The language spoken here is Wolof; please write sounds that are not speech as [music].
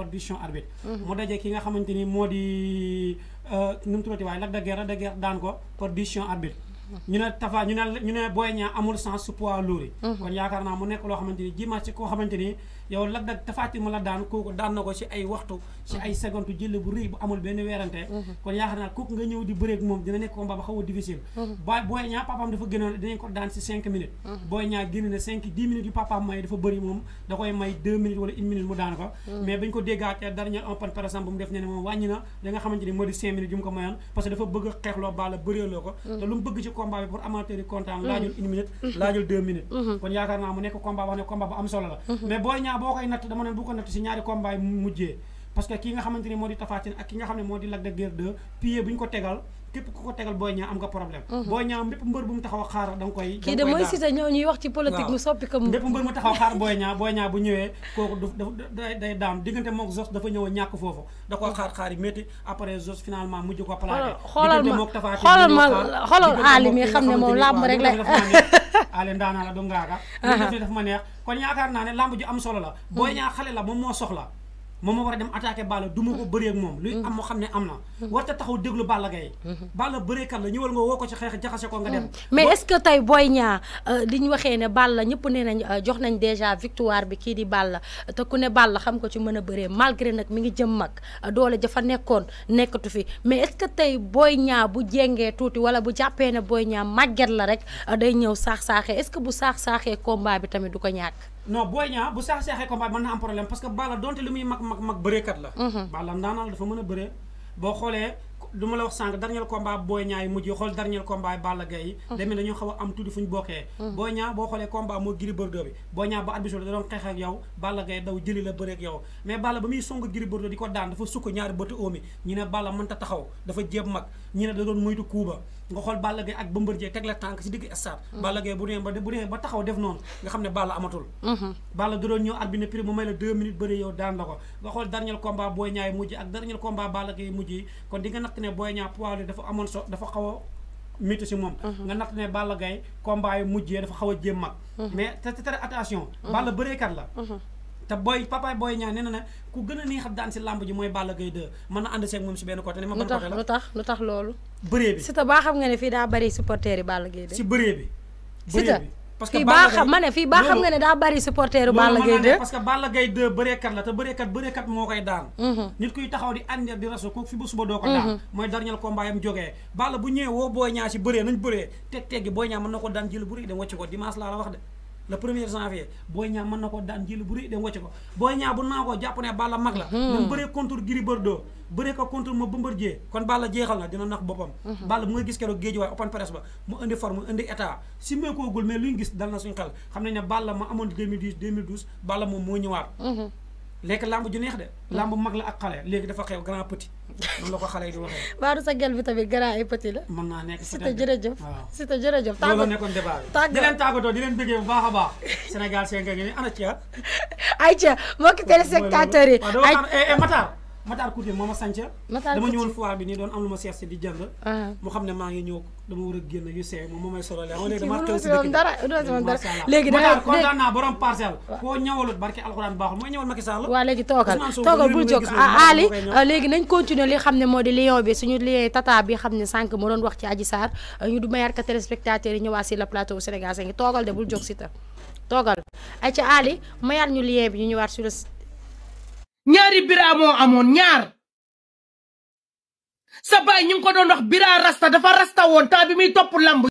condition arbitre mo mhm. dajé ki nga xamanteni modi euh num tuti way lak da guerre da guerre dan ko condition arbitre mhm. ñu na tafa ñu na ñu na boy ñaa amul sans poids lourd mhm. kon yaakar na mu nek lo xamanteni jima ci ko xamanteni yow la dag tafaati mu la daan kooku daan nako ci ay waxtu ci ay segontu jël bu reuy bu amul ben wéranté mhm. kon yaakaar naa kooku nga ñew di bëreeg mom dina nek combat ba xawu difficile mhm. boy booy ñaa papaam dafa gënoon dinañ ko daan ci 5 minutes mhm. boy ñaa génn na 5 10 minutes yu papaam may dafa bëri mom da koy may 2 minutes wala 1 minute mu daan ko mais bañ ko déggaatee dernier open par exemple bu mu def ñene mom moom na da nga xamanteni modi di 5 minutes yu mu ko mayon parce que dafa bëgg lo bala bëre lo ko te lu mu bëgg ci combat bi pour amateur content lajul 1 minute lajul 2 minutes kon yaakaar naa mu nek combat wax ne combat bu am solo la mais boy ñaa boo koy natt dama ne bu ko natt si ñaari combat yi mujjee parce que ki nga xamanteni modi tafatine ak ki nga xamne modi lag de guerre de pied buñ ko tégal képp ku ko tégal boy ñaa am nga problème mhm. boy ñaa bépp mbeur bu mu taxaw xaar dang koy ki de moy cité ñoo ñuy wax ci politique mu soppi ko bépp mbeur mu taxaw xaar boy ñaa boy ñaa bu ñëwé koku day day daam digënté mok jox dafa ñëw ñak fofu da ko xaar xaar yi métti après jox finalement mujj ko plaqué xoolal ma xolal ma xolal aali mi xam ne moom rek lay aali [laughs] ndaanaa la du ngaaga def ma neex kon yaakaar naane lamb ju am solo la boy ñaa xalé la mom mo soxla moom ma war a dem attaqué Balla du ma ko bëree ak moom luy am moo xam ne am na warta taxul déglu Balla Gaye Balla bëreekat la ñëwal nga woo ko ci xeex jaxase ko nga dem mais est-ce que tey Boy Niang euh, li ñu waxee ne Balla ñëpp nee nañ euh, jox nañ déjà victoire bi kii di Balla te ku ne Balla xam ko ci mën a bëree malgré nag mi ngi jëm mag euh, doole jafa nekkoon nekkatu fi mais est-ce que tey Boy Niang bu jengee tuuti wala bu jàppee ne booy Niang màgget la rek day ñëw saax-saaxee est-ce que bu saax-saaxee combat bi tamit du ko ñàkk non Boy Niang bu saax saaxee combat mën na am problème parce que Balla donte lu muy mag mag mag bëreekat la. Mhm. Balla ndaanal dafa mën a bëree. boo xoolee du ma la wax sànq dernier combat Boy Niang yi mujj xool dernier combat Balla Gaye yi. Mhm. demee dañoo xaw a am tuuti fu ñu bokkee. Mhm. Boy Niang boo xoolee combat moo Gris Bordeaux bi Boy Niang ba at da doon xeex yow Balla Gaye daw jëli la bëreeg yow mais Balla ba muy song Gris Bordeaux di ko daan dafa sukk ñaari bëtu oomi ñu ne Balla mënta taxaw dafa jéem mag ñu ne da doon nga xool Balla Gaye ak Bombardier teg la tànk si digg stade mm-hmm. Balla Gaye bu demee ba bu demee ba taxaw def noonu nga xam ne Balla amatul mm-hmm. Balla da doon ñëw arbitre prix mu may la deux minutes bëri yow daan la ko nga xool dernier combat Boy Niang mujj ak dernier combat Balla Gaye mujj yi kon di nga natt ne Boy Niang poids dafa amoon so dafa xaw a mitu moom mm-hmm. nga natt ne Balla Gaye combat yi mujjee dafa xaw a jéem mag mais te tere attention Balla bëreekat la té boy papa boy ñaan néna na ku gëna a neex daan ci lamb ji moy Balla Gaye de mën and ci ak mom ci benn côté né ma ban côté la lutax tax lu tax bi ci ta ba xam nga né fi da bari supporter yi Balla Gaye de ci bëree bi ci ta parce que ba xam mané fi ba xam nga né da bari supporter yu Balla Gaye de parce que Balla de 2 kat la té kat bëreekat kat mo koy daan mhm. nit kuy taxaw di àndeer di rasso ko fi bu suba do ko daan moy mhm. dernier combat yam joggé Balla bu ñëw wo boy ñaan ci bëree nañ bëree teg teggi boy ñaan mën na ko daan jël bu rëy dem wacc ko dimanche la la wax de le premier janvier Boy Niang mën na ko daan jël bu rëy dem wacc ko Boy Niang bu naa ko jàpp ne Balla mag la même bëree contre Gris Bordeaux bëree ko contre ma Bombardier kon Balla jeexal na dina nax boppam hmm. Balla bu nga gis keroog géej waaye open press ba mu indi forme indi état si meekoogul mais lu gis dal na suñu xel xam nañ ne Balla ma amoon 2010 2012 Balla moom moo ñëwaat hmm. lekk làmb ju neex de. làmb mag la ak xale léegi dafa xew grand petit. noonu la ko xale yi di waxee. baaru sa gel bi tamit grand et petit la. mën naa nekk si te jërëjëf waaw si te jërëjëf. tàggat loolu nekkoon débat bi di leen tàggatoo di leen bu baax a baax. Sénégal 5 ak yéen ana Thia. ay Thia mbokki téléspectateurs yi. waaw dama xam Matar Couture moo ma sànca dama ñëwoon bi ma seet di jënd ah. mu xam ne maa ngi ñëw dama war a génn moo may sorole ma léegi dama teew si dëkk dara léegi Matar kontaan naa borom parcelle koo ñëwalut barke alxuraan baaxul mooy ñëwal Macky Sall waaw ah, léegi nañ continuer li xam ne moo di lion bi suñu lion bi xam ne sànq moo doon wax ci Adji Sarr ñu du mayaat yi ñëwaat si la plateau Sénégal 5 toogal de bul jóg si ta toogal ay ca Ali mayaat ñu lien bi ñu ñëwaat sur ñaari bira moo amoon ñaar sa baay ñu ngi ko doon wax bira rasta dafa rasta woon temps bi muy topp lamb